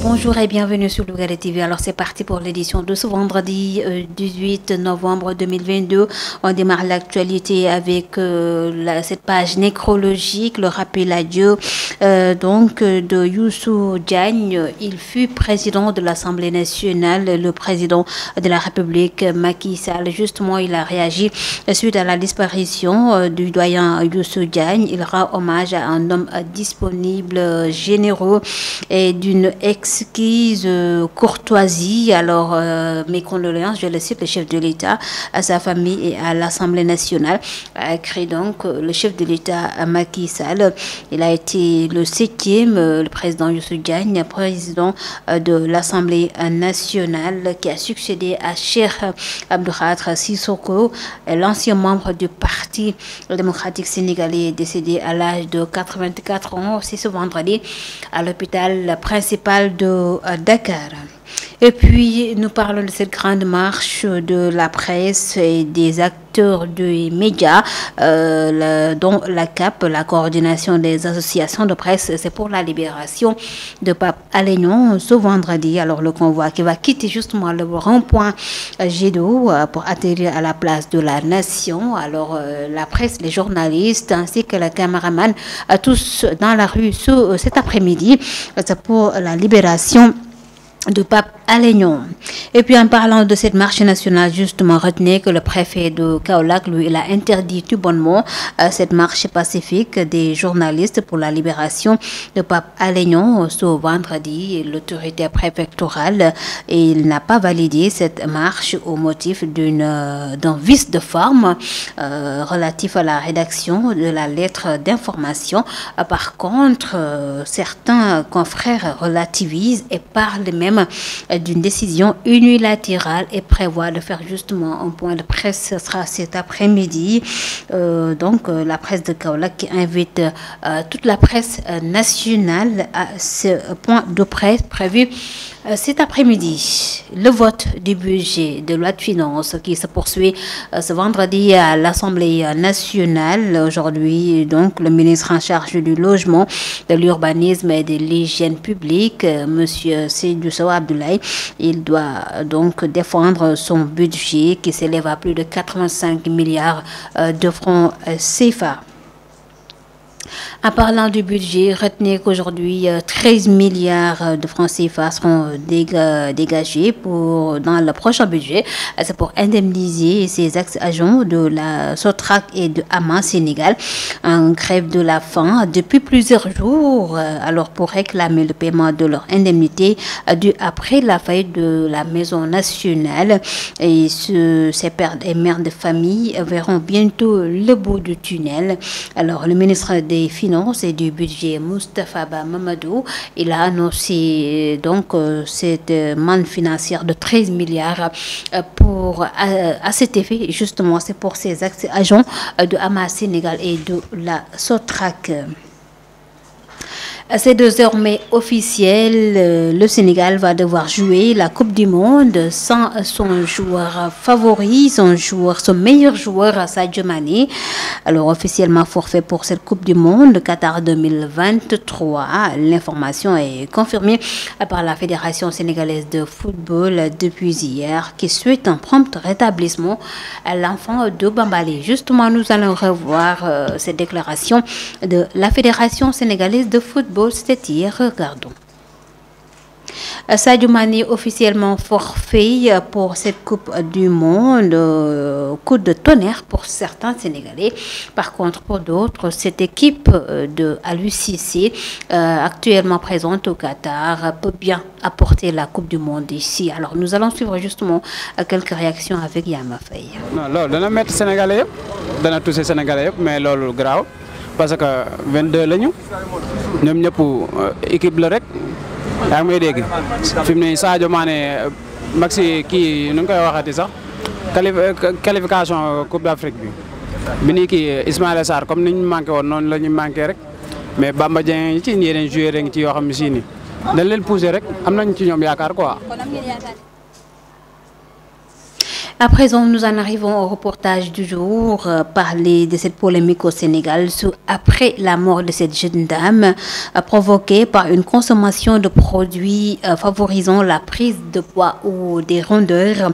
bonjour et bienvenue sur Lugare TV. Alors c'est parti pour l'édition de ce vendredi 18 euh, novembre 2022. On démarre l'actualité avec euh, cette page nécrologique, le rappel à Dieu euh, donc de Youssou Diagne. Il fut président de l'Assemblée nationale, le président de la République Macky Sall. Justement, il a réagi suite à la disparition du doyen Youssou Diagne. Il rend hommage à un homme disponible, généreux et d'une équipe exquise euh, courtoisie. Alors, euh, mes condoléances, je le cite, le chef de l'État, à sa famille et à l'Assemblée nationale, a créé donc euh, le chef de l'État Macky Sall. Il a été le septième, le président Youssou Diagne, président de l'Assemblée nationale, qui a succédé à Cheikh Abdouratra Sissoko, l'ancien membre du Parti démocratique sénégalais, décédé à l'âge de 84 ans. C'est ce vendredi à l'hôpital principal Aldo Dakar. Et puis, nous parlons de cette grande marche de la presse et des acteurs des médias, euh, dont la CAP, la coordination des associations de presse, c'est pour la libération de Pape Alénon ce vendredi. Alors, le convoi qui va quitter justement le rond-point Gédo euh, pour atterrir à la place de la Nation. Alors, euh, la presse, les journalistes ainsi que les caméramans, tous dans la rue cet après-midi, c'est pour la libération de Pape Alignon. Et puis en parlant de cette marche nationale, justement, retenez que le préfet de Kaolac, lui, il a interdit tout bonnement euh, cette marche pacifique des journalistes pour la libération de Pape Alignon ce vendredi. L'autorité préfectorale, et il n'a pas validé cette marche au motif d'une euh, d'un vice de forme euh, relatif à la rédaction de la lettre d'information. Euh, par contre, certains confrères relativisent et parlent même d'une décision unilatérale et prévoit de faire justement un point de presse. Ce sera cet après-midi. Euh, donc, euh, la presse de Kaola qui invite euh, toute la presse nationale à ce point de presse prévu euh, cet après-midi, le vote du budget de loi de finances qui se poursuit euh, ce vendredi à l'Assemblée nationale. Aujourd'hui, donc, le ministre en charge du logement, de l'urbanisme et de l'hygiène publique, euh, M. Sow Abdoulaye, il doit donc défendre son budget qui s'élève à plus de 85 milliards de francs CFA. En parlant du budget, retenez qu'aujourd'hui, 13 euh, milliards euh, de francs CFA seront euh, dégagés pour, dans le prochain budget. C'est pour indemniser ces ex-agents de la Sotrac et de Hamas Sénégal en grève de la faim depuis plusieurs jours. Alors, pour réclamer le paiement de leur indemnité due après la faillite de la Maison nationale, et ces pères et mères de famille verront bientôt le bout du tunnel. Alors, le ministre des Finances c'est du budget, Mustafa Mamadou. Il a annoncé euh, donc euh, cette euh, manne financière de 13 milliards pour, à, cet effet. Justement, c'est pour ces agents de Hamas Sénégal et de la Sotrac. C'est désormais officiel, euh, le Sénégal va devoir jouer la Coupe du Monde sans son joueur favori, son joueur, son meilleur joueur, Sadio Mané. Alors officiellement forfait pour cette Coupe du Monde Qatar 2023. L'information est confirmée par la Fédération sénégalaise de football depuis hier qui souhaite un prompt rétablissement à l'enfant de Bambali. Justement, nous allons revoir euh, cette déclaration de la Fédération sénégalaise de football c'est-à-dire Regardons. Sadio Mani officiellement forfait pour cette Coupe du Monde. Coup de tonnerre pour certains Sénégalais. Par contre, pour d'autres, cette équipe de l'UCC, euh, actuellement présente au Qatar, peut bien apporter la Coupe du Monde ici. Alors, nous allons suivre justement quelques réactions avec Yama Faye. Non, là, on mettre Sénégalais, on va tous les Sénégalais, mais là, le grave. parce que vingt 22 lañu ñoom ñëpp euh, équipe la rek yaa ngi dégg fi mu ne Sadio Mané euh, maxi kii nu koy waxati sax quali qualification Coupe d'Afrique bi bi nii kii Ismaïla Sarr comme ni ñu manqué woon noonu la ñu manqué rek mais Bamba Dieng yi ci yeneen joueurs yi ci yoo xam ne si nii dañ leen poussé rek am nañ ci ñoom yaakaar quoi. À présent, nous en arrivons au reportage du jour, euh, parler de cette polémique au Sénégal après la mort de cette jeune dame euh, provoquée par une consommation de produits euh, favorisant la prise de poids ou des rondeurs.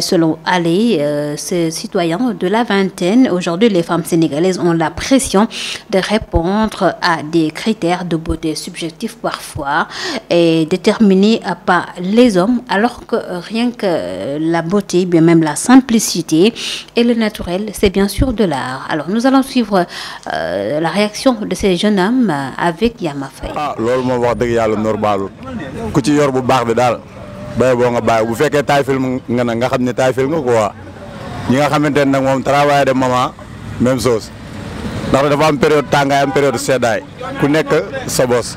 selon Allé, ce citoyen de la vingtaine, aujourd'hui les femmes sénégalaises ont la pression de répondre à des critères de beauté subjectifs parfois est déterminée par les hommes, alors que rien que la beauté, bien même la simplicité et le naturel, c'est bien sûr de l'art. Alors nous allons suivre euh, la réaction de ces jeunes hommes euh, avec Yama Faye. ah loolu wax dëgg yàlla normal ku ci yor bu baax bi daal bay boo nga bàyyi bu fekkee film nga nga xam ne film nga quoi ñi nga xamante ne nag moom travail de maman même chose ndax dafa am période tanga, am période seddaay ku nekk sa bosse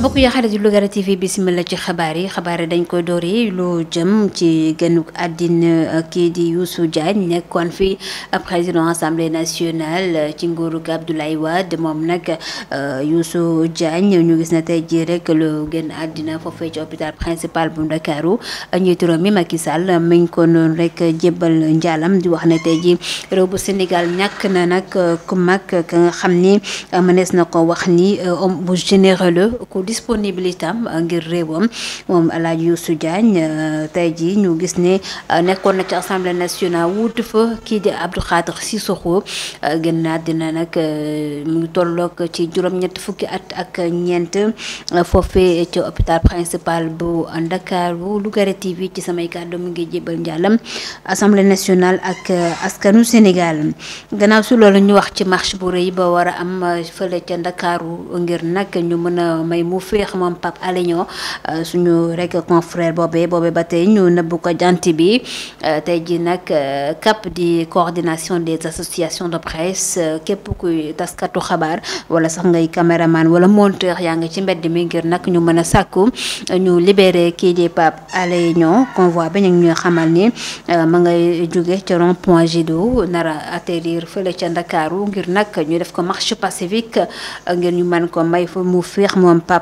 mbokk yi xarit yu Lougaré TV bisimilah ci xabaar yi xabaar yi dañ koy door yi lu jëm ci gënuk àddina euh, kii di Youssou Diagne nekkoon fi euh, président assemblée nationale euh, ci nguurug Abdoulaye Wade moom nag Youssou Diagne ñu gis na tey jii rek lu gën àddina foofee ci hôpital principal bu Ndakaaru njiitu réew mi Macky Sall mi ngi noonu rek jébbal njaalam di wax ne tey ji réew bu Sénégal ñakk na nag ku mag ka nga xam ni mënees na ko wax ni homme bu généreux disponibilité am eh, ngir rewam mom aladji eh, yusu Diagne tayji ñu gis ne eh, nekkon na ci assemblée nationale wut fa ki di Abdou Khadir Sissoko genna dina nak mu tollok ci ñet fukki at ak ñent fofé ci hôpital principal bu Dakar bu lugare TV ci samay kàddu mu ngi jébal ndialam assemblée nationale ak askanu Sénégal gannaaw su lolu ñu wax ci marche bu reuy ba wara am fële ci Ndakaaru ngir nak ñu mëna may mu bu mom pap Pape euh, suñu rek confrère bobé bobé ba tey ñu neub ko jant bi euh, tey ji euh, CAP di coordination des associations de presse képp kuy taskatu xabar wala sax ngay caméraman wala monteur y'a nga ci mbedd mi ngir nak ñu mëna sakku ñu libéré kii di Pape Alé convoi bi ñu xamal ni ma ngay jóge ci rond point Jiddu nara atterrir fële ci dakaru ngir nak ñu def ko marche pacifique ngir ñu man ko may fu mu féex moom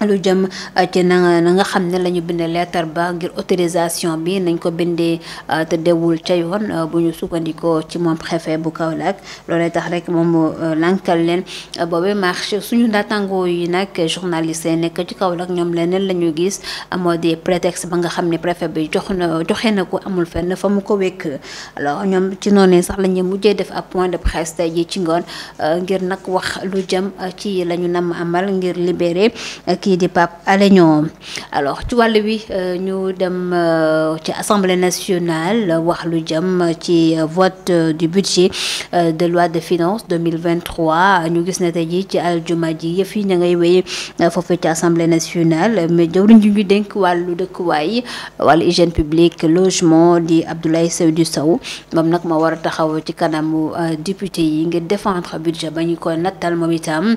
lu jëm euh, ci na na nga xam ne la ñu bindee lettre ba ngir autorisation bi nañ ko bindee euh, te dewul ca yoon euh, bu ñu sukkandikoo ci moom préfet bu kaw Kaolack loolee tax rek moom mu lankal leen boobu marché suñu naataangoo yi nag journaliste yi nekk ci kaw Kaolack ñoom leneen la ñu gis moo di prétexte ba nga xam ne préfet bi jox na joxe na ko amul fenn fa mu ko wekk alors ñoom ci noonu sax la ñuy mujjee def ab point de presse tey ji ci ngoon ngir nag wax lu jëm ci la ñu namm amal ngir libérer. kii di Pape Alé Niang alors ci vois lui euh, ñu dem euh, ci assemblée nationale wax lu jëm ci euh, vote du budget de loi de finances 2023 ñu gis ne tey ji ci aljuma ji yëf yi ña ngay wéy foofee ci assemblée nationale mais jawriñ ji ñu de wàllu dëkkuwaay wàllu hygiène publique logement di Abdoulaye Seydou Sow moom nag ma war a taxaw ci kanamu député yi nga défendre budget ba ñu koy nattal moom itam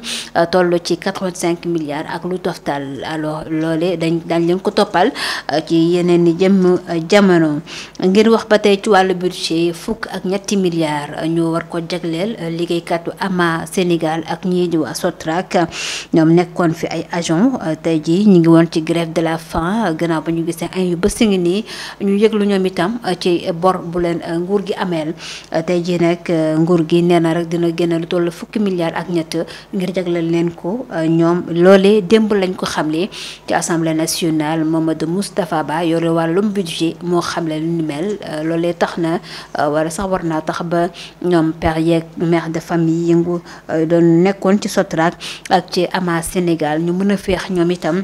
ci 85 milliards ak lu toftal alors lolé dañ dañ leen ko topal euh, ci yenen ni jëm euh, jamono ngir wax batay ci walu budget fuk ak ñetti milliard ñu war ko euh, ligay katu ama sénégal ak ñi di wa sotrac ñom nekkon fi ay agent tay ji ñi ngi won ci grève de la faim gëna ba ñu gisee ay yu bëss ngi ñu yeglu ñom itam ci bor bu leen nguur gi amel tay ji nak nguur gi nee rek dina gënal tollu fuk milliard ak ñett ngir jaglél leen ko ñom lolé nous ko xamlé ci nationale Mamadou Moustapha Ba walum budget mo xamlé lu ñu mel nous euh, taxna euh, wala tax ba ñom de famille yëngu euh, ci Sotrak ak ci Sénégal ñu itam.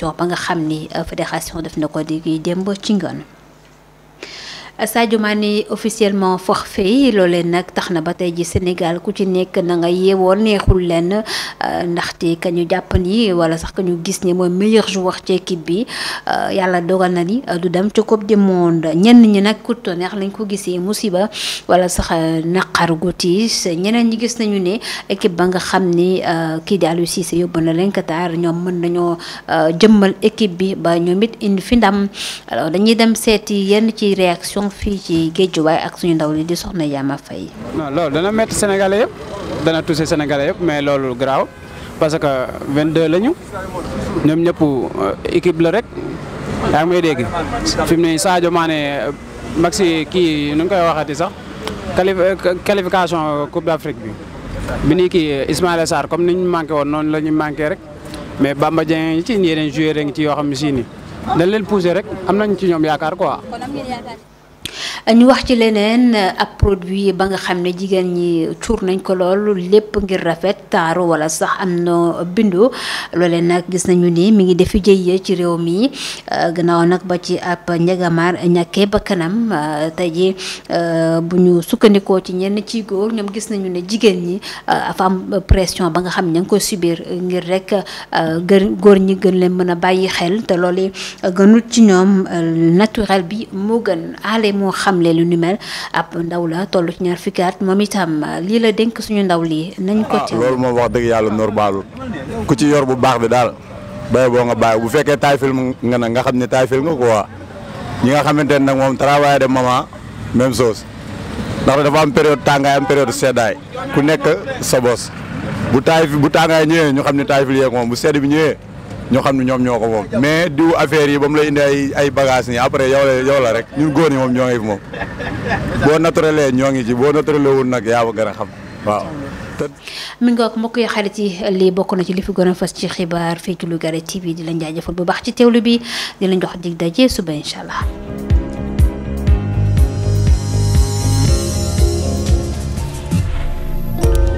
information ba nga xam ni euh, fédération def na ko di démb ci ngoon Sadio Mané officiellement forfait loolee nag tax na ba tey ji Sénégal ku ci nekk na nga yeewoo neexul leen euh, ndaxte ka ñu jàpp ni wala sax ka gis ni mooy meilleur joueur ci équipe bi euh, yàlla dogal na ni euh, du dem ci coupe du monde ñenn ñi nag ku neex lañ ko gisee musiba wala sax naqar gu tiis ñeneen ñi gis nañu ne équipe ba nga xam ni kii di Aliou Cissé na Qatar mën jëmmal équipe bi ba indi fi ndam alors dañuy dem yenn ci réaction fii ci Guédiawaye ak suñu ndaw li di soxna Yaama Faye. non loolu dana métti Sénégalais yëpp dana touché Sénégalais yëpp mais loolu garaaw parce que vingt 22 lañu ñoom ñëpp euh, équipe la rek yaa ngi dégg fi mu ne Sadio Mané euh, maxi kii nu ñu koy waxati sax qualification Coupe d'Afrique bi bi nii kii Ismaïla Sarr comme ni ñu manqué woon noonu la ñu manqué rek mais Bamba Dieng yi ci yeneen joueurs yi ci yoo xam ne si nii dañ leen poussé rek am nañ ci ñoom yaakaar quoi. ñu wax ci leneen ab produit ba nga xam ne jigéen ñi cuur nañ ko lool lépp ngir rafet taaru wala sax am na bindoo loolee nag gis nañu ni mu ngi defi jëyee ci réew mi gannaaw nag ba ci ab njagamaar ñàkkee ba kanam tey ji bu ñu sukkandikoo ci ñenn ci góor ñoom gis nañu ne jigéen ñi dafa am pression ba nga xam ne ña ngi koy subir ngir rek gën góor ñi gën leen mën a bàyyi xel te loolu gënul ci ñoom naturel bi moo gën ale moo xam xamle lu ni mel ab ndaw la toll ci ñaar fukki at moom itam lii la dénk suñu ndaw lii nañ ko ci ah, dëgg yàlla normalul ku ci yor bu baax bi daal bay boo nga bàyyi bu fekkee taay film nga na nga xam ne taay film nga quoi ñi nga xamante ne nag moom travail de maman même chose ndax dafa am période tàngaay am période seddaay ku nekk sa bos bu taay bu tàngaay ñëwee ñu xam ne taay film yeeg moom bu sedd bi ñëwee ñoo xam ne ñoom ñoo ko moom mais diw affaire yi ba mu lay indi ay ay bagages nii après yow rek ñun góor ñi moom ñoo ngi fi moom boo naturelé ñoo ngi ci boo naturelé wul nag yaa ba gën a xam waaw. mi nga mbokk yi xarit yi lii bokk na ci li fi gën a fas ci xibaar fii ci Lougaré TV di lañ jaajëfal bu baax ci teewlu bi di lañ jox dig daje suba incha allah.